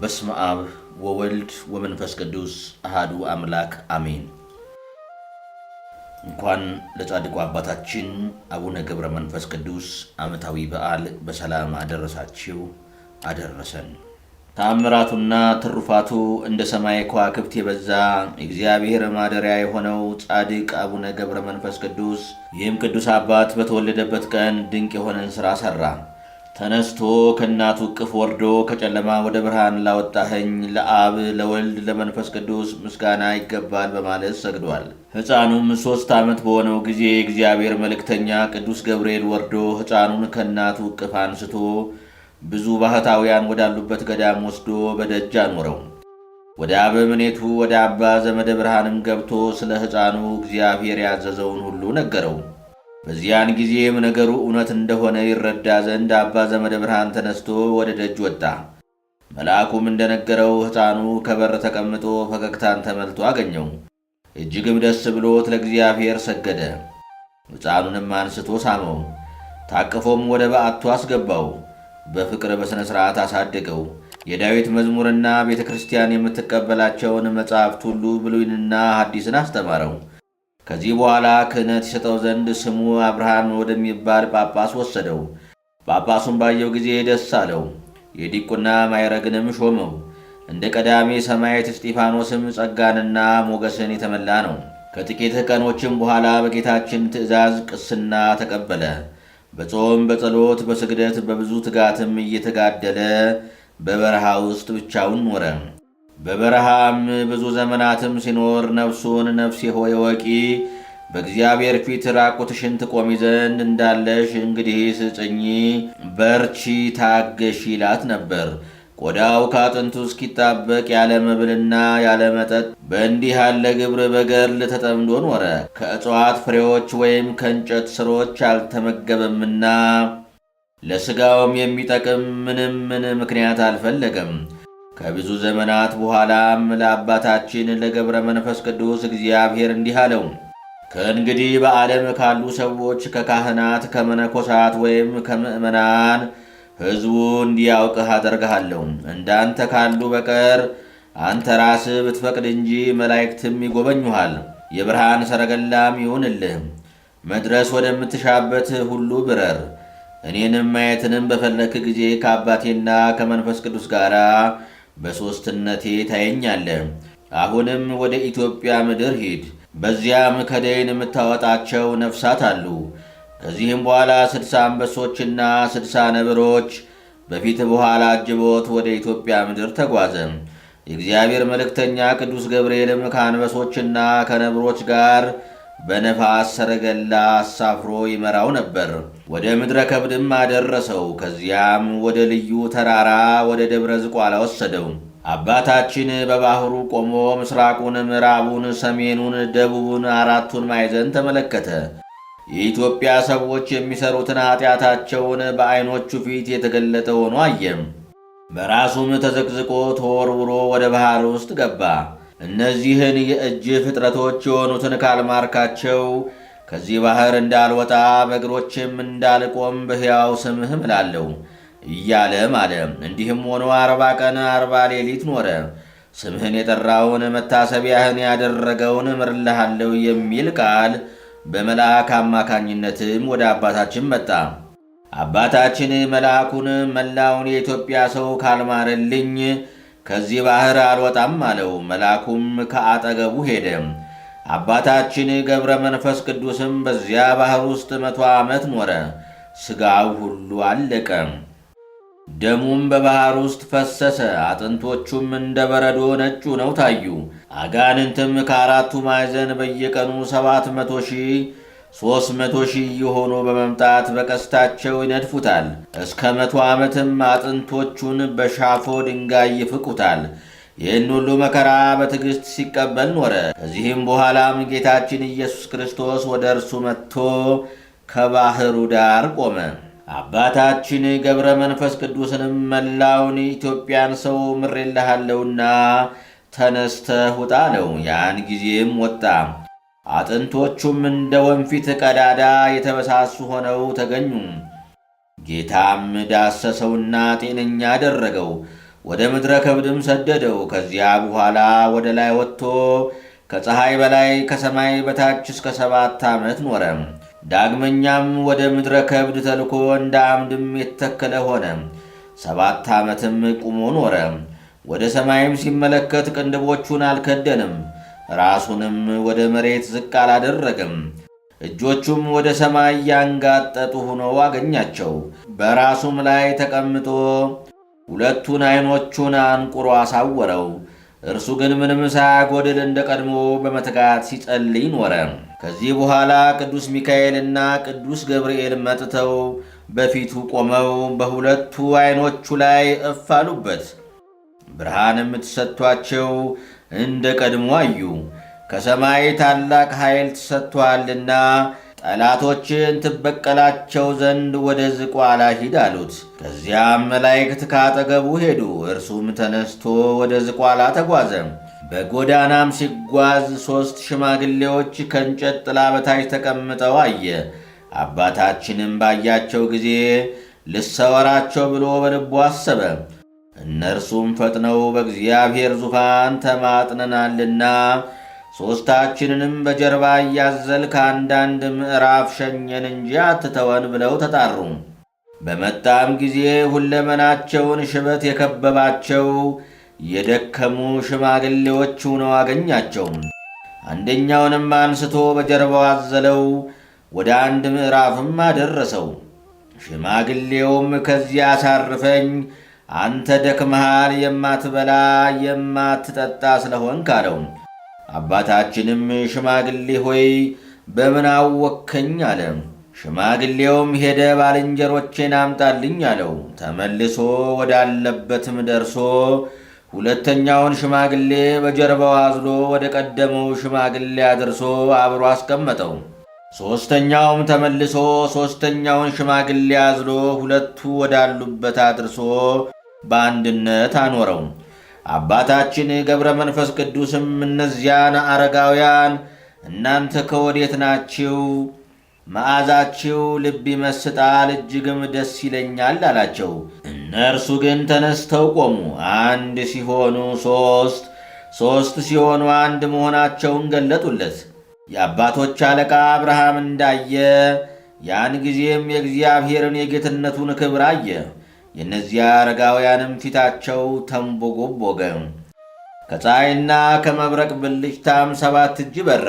በስመ አብ ወወልድ ወመንፈስ ቅዱስ አሃዱ አምላክ አሜን። እንኳን ለጻድቁ አባታችን አቡነ ገብረ መንፈስ ቅዱስ ዓመታዊ በዓል በሰላም አደረሳችሁ አደረሰን። ተአምራቱና ትሩፋቱ እንደ ሰማይ ከዋክብት የበዛ እግዚአብሔር ማደሪያ የሆነው ጻድቅ አቡነ ገብረ መንፈስ ቅዱስ ይህም ቅዱስ አባት በተወለደበት ቀን ድንቅ የሆነን ሥራ ሠራ። ተነስቶ ከእናቱ እቅፍ ወርዶ ከጨለማ ወደ ብርሃን ላወጣኸኝ ለአብ ለወልድ ለመንፈስ ቅዱስ ምስጋና ይገባል በማለት ሰግዷል። ሕፃኑም ሦስት ዓመት በሆነው ጊዜ የእግዚአብሔር መልእክተኛ ቅዱስ ገብርኤል ወርዶ ሕፃኑን ከእናቱ እቅፍ አንስቶ ብዙ ባህታውያን ወዳሉበት ገዳም ወስዶ በደጅ አኖረው። ወደ አበምኔቱ ወደ አባ ዘመደ ብርሃንም ገብቶ ስለ ሕፃኑ እግዚአብሔር ያዘዘውን ሁሉ ነገረው። በዚያን ጊዜም ነገሩ እውነት እንደሆነ ይረዳ ዘንድ አባ ዘመደ ብርሃን ተነስቶ ወደ ደጅ ወጣ። መልአኩም እንደነገረው ሕፃኑ ከበር ተቀምጦ ፈገግታን ተመልቶ አገኘው። እጅግም ደስ ብሎት ለእግዚአብሔር ሰገደ። ሕፃኑንም አንስቶ ሳመው፣ ታቅፎም ወደ በዓቱ አስገባው። በፍቅር በሥነ ሥርዓት አሳደገው። የዳዊት መዝሙርና ቤተ ክርስቲያን የምትቀበላቸውን መጻሕፍት ሁሉ ብሉይንና ሐዲስን አስተማረው። ከዚህ በኋላ ክህነት ይሰጠው ዘንድ ስሙ አብርሃም ወደሚባል ጳጳስ ወሰደው። ጳጳሱን ባየው ጊዜ ደስ አለው። የዲቁና ማይረግንም ሾመው። እንደ ቀዳሚ ሰማዕት እስጢፋኖስም ጸጋንና ሞገስን የተመላ ነው። ከጥቂት ቀኖችም በኋላ በጌታችን ትእዛዝ ቅስና ተቀበለ። በጾም በጸሎት በስግደት በብዙ ትጋትም እየተጋደለ በበረሃ ውስጥ ብቻውን ኖረ። በበረሃም ብዙ ዘመናትም ሲኖር ነፍሱን ነፍሴ ሆይ ወቂ በእግዚአብሔር ፊት ራቁትሽን ትቆሚ ዘንድ እንዳለሽ እንግዲህ ስጭኚ፣ በርቺ፣ ታገሺ ይላት ነበር። ቆዳው ከአጥንቱ እስኪጣበቅ ያለ መብልና ያለ መጠጥ በእንዲህ ያለ ግብር በገርል ተጠምዶ ኖረ። ከእጽዋት ፍሬዎች ወይም ከእንጨት ስሮች አልተመገበምና ለሥጋውም የሚጠቅም ምንም ምን ምክንያት አልፈለገም። ከብዙ ዘመናት በኋላም ለአባታችን ለገብረ መንፈስ ቅዱስ እግዚአብሔር እንዲህ አለው። ከእንግዲህ በዓለም ካሉ ሰዎች ከካህናት፣ ከመነኮሳት ወይም ከምእመናን ሕዝቡ እንዲያውቅህ አደርግሃለሁ። እንዳንተ ካሉ በቀር አንተ ራስ ብትፈቅድ እንጂ መላእክትም ይጎበኙሃል። የብርሃን ሰረገላም ይሁንልህ። መድረስ ወደምትሻበት ሁሉ ብረር። እኔንም ማየትንም በፈለክ ጊዜ ከአባቴና ከመንፈስ ቅዱስ ጋር በሦስትነቴ ታየኛለ። አሁንም ወደ ኢትዮጵያ ምድር ሂድ። በዚያም ከደይን የምታወጣቸው ነፍሳት አሉ። ከዚህም በኋላ ስድሳ አንበሶችና ስድሳ ነብሮች በፊት በኋላ አጅቦት ወደ ኢትዮጵያ ምድር ተጓዘ። የእግዚአብሔር መልእክተኛ ቅዱስ ገብርኤልም ከአንበሶችና ከነብሮች ጋር በነፋስ ሰረገላ አሳፍሮ ይመራው ነበር። ወደ ምድረ ከብድም አደረሰው። ከዚያም ወደ ልዩ ተራራ ወደ ደብረ ዝቋላ ወሰደው። አባታችን በባህሩ ቆሞ ምስራቁን፣ ምዕራቡን፣ ሰሜኑን፣ ደቡቡን አራቱን ማዕዘን ተመለከተ። የኢትዮጵያ ሰዎች የሚሠሩትን ኃጢአታቸውን በዐይኖቹ ፊት የተገለጠ ሆኖ አየም። በራሱም ተዘቅዝቆ ተወርውሮ ወደ ባሕር ውስጥ ገባ። እነዚህን የእጅ ፍጥረቶች የሆኑትን ካልማርካቸው ከዚህ ባህር እንዳልወጣ በእግሮችም እንዳልቆም በሕያው ስምህ ምላለሁ እያለ አለ እንዲህም ሆኖ አርባ ቀን አርባ ሌሊት ኖረ። ስምህን የጠራውን መታሰቢያህን ያደረገውን እምርልሃለሁ የሚል ቃል በመልአክ አማካኝነትም ወደ አባታችን መጣ። አባታችን መልአኩን መላውን የኢትዮጵያ ሰው ካልማረልኝ ከዚህ ባሕር አልወጣም አለው። መልአኩም ከአጠገቡ ሄደ። አባታችን ገብረ መንፈስ ቅዱስም በዚያ ባሕር ውስጥ መቶ ዓመት ኖረ። ሥጋው ሁሉ አለቀ። ደሙም በባሕር ውስጥ ፈሰሰ። አጥንቶቹም እንደ በረዶ ነጭ ነው ታዩ። አጋንንትም ከአራቱ ማዕዘን በየቀኑ ሰባት መቶ ሺህ ሦስት መቶ ሺህ እየሆኑ በመምጣት በቀስታቸው ይነድፉታል። እስከ መቶ ዓመትም አጥንቶቹን በሻፎ ድንጋይ ይፍቁታል። ይህን ሁሉ መከራ በትዕግሥት ሲቀበል ኖረ። ከዚህም በኋላም ጌታችን ኢየሱስ ክርስቶስ ወደ እርሱ መጥቶ ከባሕሩ ዳር ቆመ። አባታችን ገብረ መንፈስ ቅዱስንም መላውን ኢትዮጵያን ሰው ምሬልሃለሁና ተነስተህ ውጣ አለው። ያን ጊዜም ወጣ። አጥንቶቹም እንደ ወንፊት ቀዳዳ የተበሳሱ ሆነው ተገኙ። ጌታም ዳሰሰውና ጤነኛ አደረገው። ወደ ምድረ ከብድም ሰደደው። ከዚያ በኋላ ወደ ላይ ወጥቶ ከፀሐይ በላይ ከሰማይ በታች እስከ ሰባት ዓመት ኖረ። ዳግመኛም ወደ ምድረ ከብድ ተልኮ እንደ አምድም የተተከለ ሆነ። ሰባት ዓመትም ቁሞ ኖረ። ወደ ሰማይም ሲመለከት ቅንድቦቹን አልከደንም። ራሱንም ወደ መሬት ዝቅ አላደረገም። እጆቹም ወደ ሰማይ ያንጋጠጡ ሆነው አገኛቸው። በራሱም ላይ ተቀምጦ ሁለቱን ዐይኖቹን አንቁሮ አሳወረው። እርሱ ግን ምንም ሳያጎድል እንደ ቀድሞ በመትጋት ሲጸልይ ኖረ። ከዚህ በኋላ ቅዱስ ሚካኤልና ቅዱስ ገብርኤል መጥተው በፊቱ ቆመው በሁለቱ ዐይኖቹ ላይ እፍ አሉበት። ብርሃን የምትሰጥቷቸው እንደ ቀድሞ አዩ። ከሰማይ ታላቅ ኃይል ተሰጥቶአልና ጠላቶችን ትበቀላቸው ዘንድ ወደ ዝቋላ ሂድ አሉት። ከዚያም መላእክት ካጠገቡ ሄዱ። እርሱም ተነስቶ ወደ ዝቋላ ተጓዘ። በጎዳናም ሲጓዝ ሦስት ሽማግሌዎች ከእንጨት ጥላ በታች ተቀምጠው አየ። አባታችንም ባያቸው ጊዜ ልሰወራቸው ብሎ በልቡ አሰበ። እነርሱም ፈጥነው በእግዚአብሔር ዙፋን ተማጥነናልና ሦስታችንንም በጀርባ እያዘል ከአንዳንድ ምዕራፍ ሸኘን እንጂ አትተወን ብለው ተጣሩ። በመጣም ጊዜ ሁለመናቸውን ሽበት የከበባቸው የደከሙ ሽማግሌዎች ሆነው አገኛቸው። አንደኛውንም አንስቶ በጀርባው አዘለው፣ ወደ አንድ ምዕራፍም አደረሰው። ሽማግሌውም ከዚያ አሳርፈኝ አንተ ደክመሃል የማትበላ የማትጠጣ ስለሆንክ አለው። አባታችንም ሽማግሌ ሆይ በምን አወከኝ አለ። ሽማግሌውም ሄደ ባልንጀሮቼን አምጣልኝ አለው። ተመልሶ ወዳለበትም ደርሶ ሁለተኛውን ሽማግሌ በጀርባው አዝሎ ወደ ቀደመው ሽማግሌ አድርሶ አብሮ አስቀመጠው። ሦስተኛውም ተመልሶ ሦስተኛውን ሽማግሌ አዝሎ ሁለቱ ወዳሉበት አድርሶ በአንድነት አኖረው። አባታችን ገብረ መንፈስ ቅዱስም እነዚያን አረጋውያን እናንተ ከወዴት ናችሁ? መዓዛችሁ ልብ ይመስጣል፣ እጅግም ደስ ይለኛል አላቸው። እነርሱ ግን ተነስተው ቆሙ። አንድ ሲሆኑ ሦስት፣ ሦስት ሲሆኑ አንድ መሆናቸውን ገለጡለት። የአባቶች አለቃ አብርሃም እንዳየ ያን ጊዜም የእግዚአብሔርን የጌትነቱን ክብር አየ። የእነዚያ አረጋውያንም ፊታቸው ተንቦጎቦገ፣ ከፀሐይና ከመብረቅ ብልጭታም ሰባት እጅ በራ።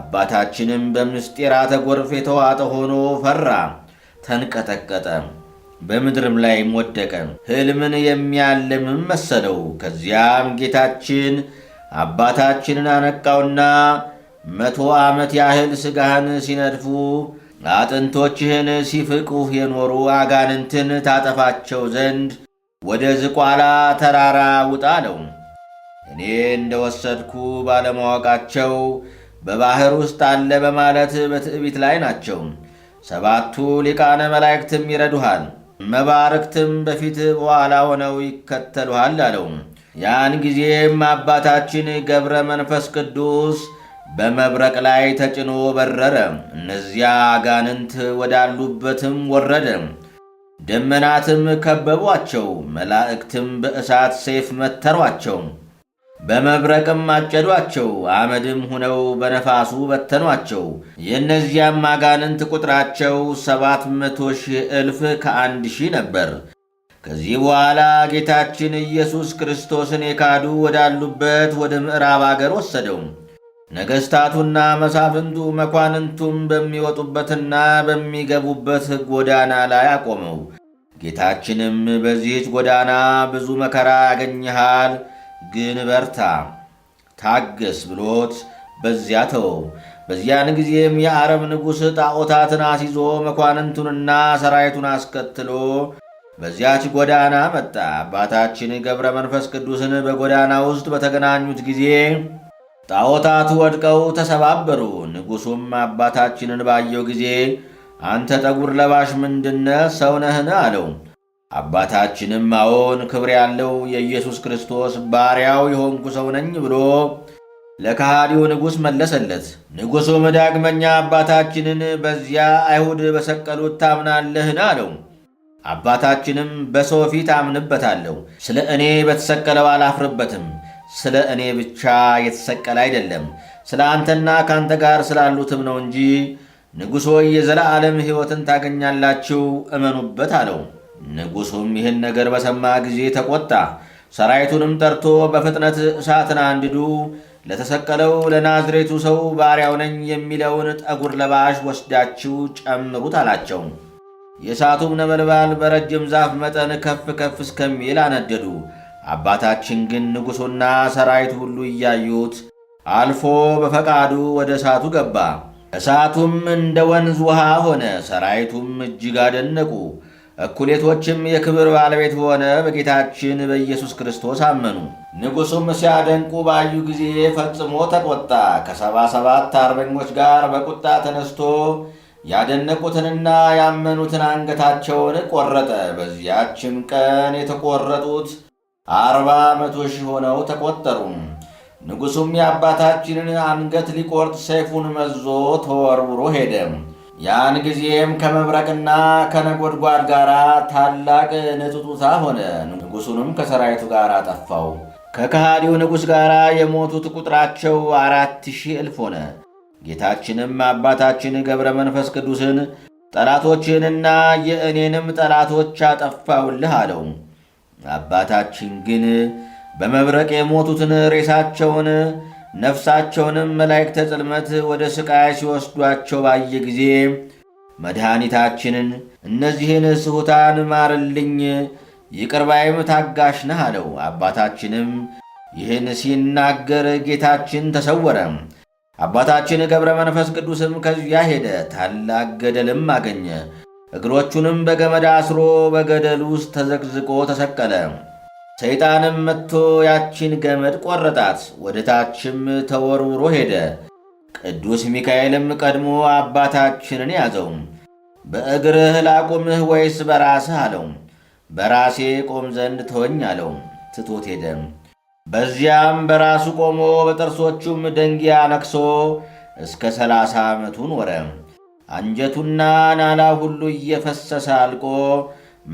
አባታችንም በምስጢራተ ጎርፍ የተዋጠ ሆኖ ፈራ፣ ተንቀጠቀጠ፣ በምድርም ላይም ወደቀ። ሕልምን የሚያልምም መሰለው። ከዚያም ጌታችን አባታችንን አነቃውና መቶ ዓመት ያህል ሥጋህን ሲነድፉ አጥንቶችህን ሲፍቁህ የኖሩ አጋንንትን ታጠፋቸው ዘንድ ወደ ዝቋላ ተራራ ውጣ አለው። እኔ እንደ ወሰድኩ ባለማወቃቸው በባሕር ውስጥ አለ በማለት በትዕቢት ላይ ናቸው። ሰባቱ ሊቃነ መላእክትም ይረዱሃል፣ መባርክትም በፊት በኋላ ሆነው ይከተሉሃል አለው። ያን ጊዜም አባታችን ገብረ መንፈስ ቅዱስ በመብረቅ ላይ ተጭኖ በረረ። እነዚያ አጋንንት ወዳሉበትም ወረደ። ደመናትም ከበቧቸው፣ መላእክትም በእሳት ሰይፍ መተሯቸው፣ በመብረቅም አጨዷቸው፣ አመድም ሁነው በነፋሱ በተኗቸው። የእነዚያም አጋንንት ቁጥራቸው ሰባት መቶ ሺህ እልፍ ከአንድ ሺህ ነበር። ከዚህ በኋላ ጌታችን ኢየሱስ ክርስቶስን የካዱ ወዳሉበት ወደ ምዕራብ አገር ወሰደው። ነገሥታቱና መሳፍንቱ መኳንንቱም በሚወጡበትና በሚገቡበት ጎዳና ላይ አቆመው። ጌታችንም በዚህች ጎዳና ብዙ መከራ ያገኘሃል፣ ግን በርታ፣ ታገስ ብሎት በዚያ ተወው። በዚያን ጊዜም የአረብ ንጉሥ ጣዖታትን አስይዞ መኳንንቱንና ሰራዊቱን አስከትሎ በዚያች ጎዳና መጣ። አባታችን ገብረ መንፈስ ቅዱስን በጎዳና ውስጥ በተገናኙት ጊዜ ጣዖታት ወድቀው ተሰባበሩ። ንጉሡም አባታችንን ባየው ጊዜ አንተ ጠጉር ለባሽ ምንድነ ሰው ነህን? አለው። አባታችንም አዎን ክብር ያለው የኢየሱስ ክርስቶስ ባሪያው የሆንኩ ሰው ነኝ ብሎ ለካሃዲው ንጉሥ መለሰለት። ንጉሡም ዳግመኛ አባታችንን በዚያ አይሁድ በሰቀሉት ታምናለህን? አለው። አባታችንም በሰው ፊት አምንበታለሁ፣ ስለ እኔ በተሰቀለው አላፍርበትም ስለ እኔ ብቻ የተሰቀለ አይደለም፣ ስለ አንተና ከአንተ ጋር ስላሉትም ነው እንጂ ንጉሥ ሆይ የዘላዓለም ሕይወትን ታገኛላችሁ እመኑበት አለው። ንጉሡም ይህን ነገር በሰማ ጊዜ ተቆጣ። ሰራዊቱንም ጠርቶ በፍጥነት እሳትን አንድዱ፣ ለተሰቀለው ለናዝሬቱ ሰው ባሪያው ነኝ የሚለውን ጠጉር ለባሽ ወስዳችሁ ጨምሩት አላቸው። የእሳቱም ነበልባል በረጅም ዛፍ መጠን ከፍ ከፍ እስከሚል አነደዱ። አባታችን ግን ንጉሡና ሰራዊቱ ሁሉ እያዩት አልፎ በፈቃዱ ወደ እሳቱ ገባ። እሳቱም እንደ ወንዝ ውሃ ሆነ። ሰራዊቱም እጅግ አደነቁ። እኩሌቶችም የክብር ባለቤት ሆነ በጌታችን በኢየሱስ ክርስቶስ አመኑ። ንጉሡም ሲያደንቁ ባዩ ጊዜ ፈጽሞ ተቆጣ። ከሰባ ሰባት አርበኞች ጋር በቁጣ ተነስቶ ያደነቁትንና ያመኑትን አንገታቸውን ቆረጠ። በዚያችም ቀን የተቆረጡት አርባ መቶ ሺህ ሆነው ተቆጠሩ። ንጉሡም የአባታችንን አንገት ሊቆርጥ ሰይፉን መዞ ተወርውሮ ሄደ። ያን ጊዜም ከመብረቅና ከነጎድጓድ ጋር ታላቅ ንጥጡታ ሆነ። ንጉሡንም ከሰራዊቱ ጋር አጠፋው። ከከሃዲው ንጉሥ ጋር የሞቱት ቁጥራቸው አራት ሺህ እልፍ ሆነ። ጌታችንም አባታችን ገብረ መንፈስ ቅዱስን ጠላቶችንና የእኔንም ጠላቶች አጠፋውልህ አለው። አባታችን ግን በመብረቅ የሞቱትን ሬሳቸውን ነፍሳቸውንም መላእክተ ጽልመት ወደ ሥቃይ ሲወስዷቸው ባየ ጊዜ መድኃኒታችንን እነዚህን ስሑታን ማርልኝ፣ ይቅርባይም ታጋሽ ነህ አለው። አባታችንም ይህን ሲናገር ጌታችን ተሰወረ። አባታችን ገብረ መንፈስ ቅዱስም ከዚያ ሄደ፣ ታላቅ ገደልም አገኘ። እግሮቹንም በገመድ አስሮ በገደል ውስጥ ተዘቅዝቆ ተሰቀለ። ሰይጣንም መጥቶ ያቺን ገመድ ቆረጣት፣ ወደ ታችም ተወርውሮ ሄደ። ቅዱስ ሚካኤልም ቀድሞ አባታችንን ያዘው። በእግርህ ላቁምህ ወይስ በራስህ አለው። በራሴ ቆም ዘንድ ተወኝ አለው። ትቶት ሄደ። በዚያም በራሱ ቆሞ በጥርሶቹም ደንጊያ ነክሶ እስከ ሰላሳ ዓመቱ ኖረ። አንጀቱና ናላ ሁሉ እየፈሰሰ አልቆ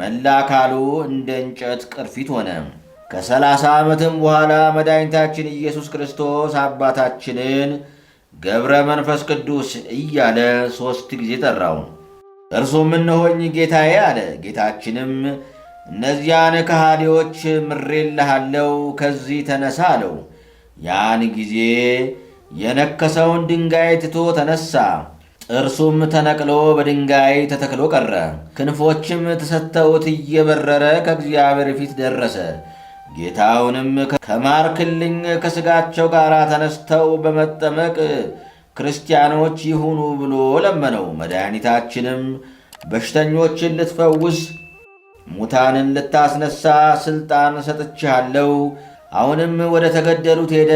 መላ አካሉ እንደ እንጨት ቅርፊት ሆነ። ከሰላሳ ዓመትም በኋላ መድኃኒታችን ኢየሱስ ክርስቶስ አባታችንን ገብረ መንፈስ ቅዱስ እያለ ሦስት ጊዜ ጠራው። እርሱም እነሆኝ ጌታዬ አለ። ጌታችንም እነዚያን ከሃዲዎች ምሬልሃለው፣ ከዚህ ተነሳ አለው። ያን ጊዜ የነከሰውን ድንጋይ ትቶ ተነሳ። እርሱም ተነቅሎ በድንጋይ ተተክሎ ቀረ። ክንፎችም ተሰጥተውት እየበረረ ከእግዚአብሔር ፊት ደረሰ። ጌታውንም ከማር ክልኝ ከሥጋቸው ጋር ተነስተው በመጠመቅ ክርስቲያኖች ይሁኑ ብሎ ለመነው። መድኃኒታችንም በሽተኞችን ልትፈውስ ሙታንን ልታስነሳ ሥልጣን ሰጥቼሃለሁ። አሁንም ወደ ተገደሉት ሄደ፣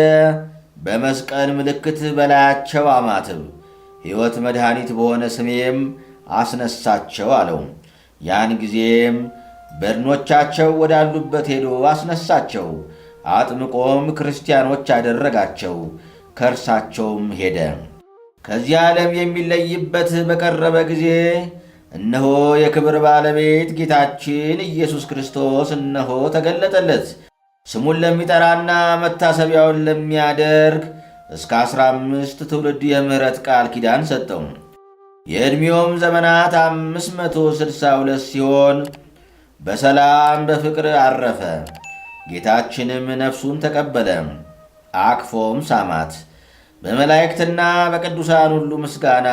በመስቀል ምልክት በላያቸው አማትብ ሕይወት መድኃኒት በሆነ ስሜም አስነሳቸው አለው። ያን ጊዜም በድኖቻቸው ወዳሉበት ሄዶ አስነሳቸው። አጥምቆም ክርስቲያኖች አደረጋቸው። ከእርሳቸውም ሄደ። ከዚህ ዓለም የሚለይበት በቀረበ ጊዜ እነሆ የክብር ባለቤት ጌታችን ኢየሱስ ክርስቶስ እነሆ ተገለጠለት። ስሙን ለሚጠራና መታሰቢያውን ለሚያደርግ እስከ አስራ አምስት ትውልድ የምሕረት ቃል ኪዳን ሰጠው። የዕድሜውም ዘመናት አምስት መቶ ስድሳ ሁለት ሲሆን በሰላም በፍቅር አረፈ። ጌታችንም ነፍሱን ተቀበለ፣ አቅፎም ሳማት። በመላእክትና በቅዱሳን ሁሉ ምስጋና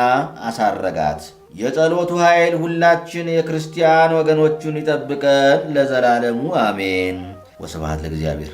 አሳረጋት። የጸሎቱ ኃይል ሁላችን የክርስቲያን ወገኖቹን ይጠብቀን ለዘላለሙ አሜን። ወስብሐት ለእግዚአብሔር።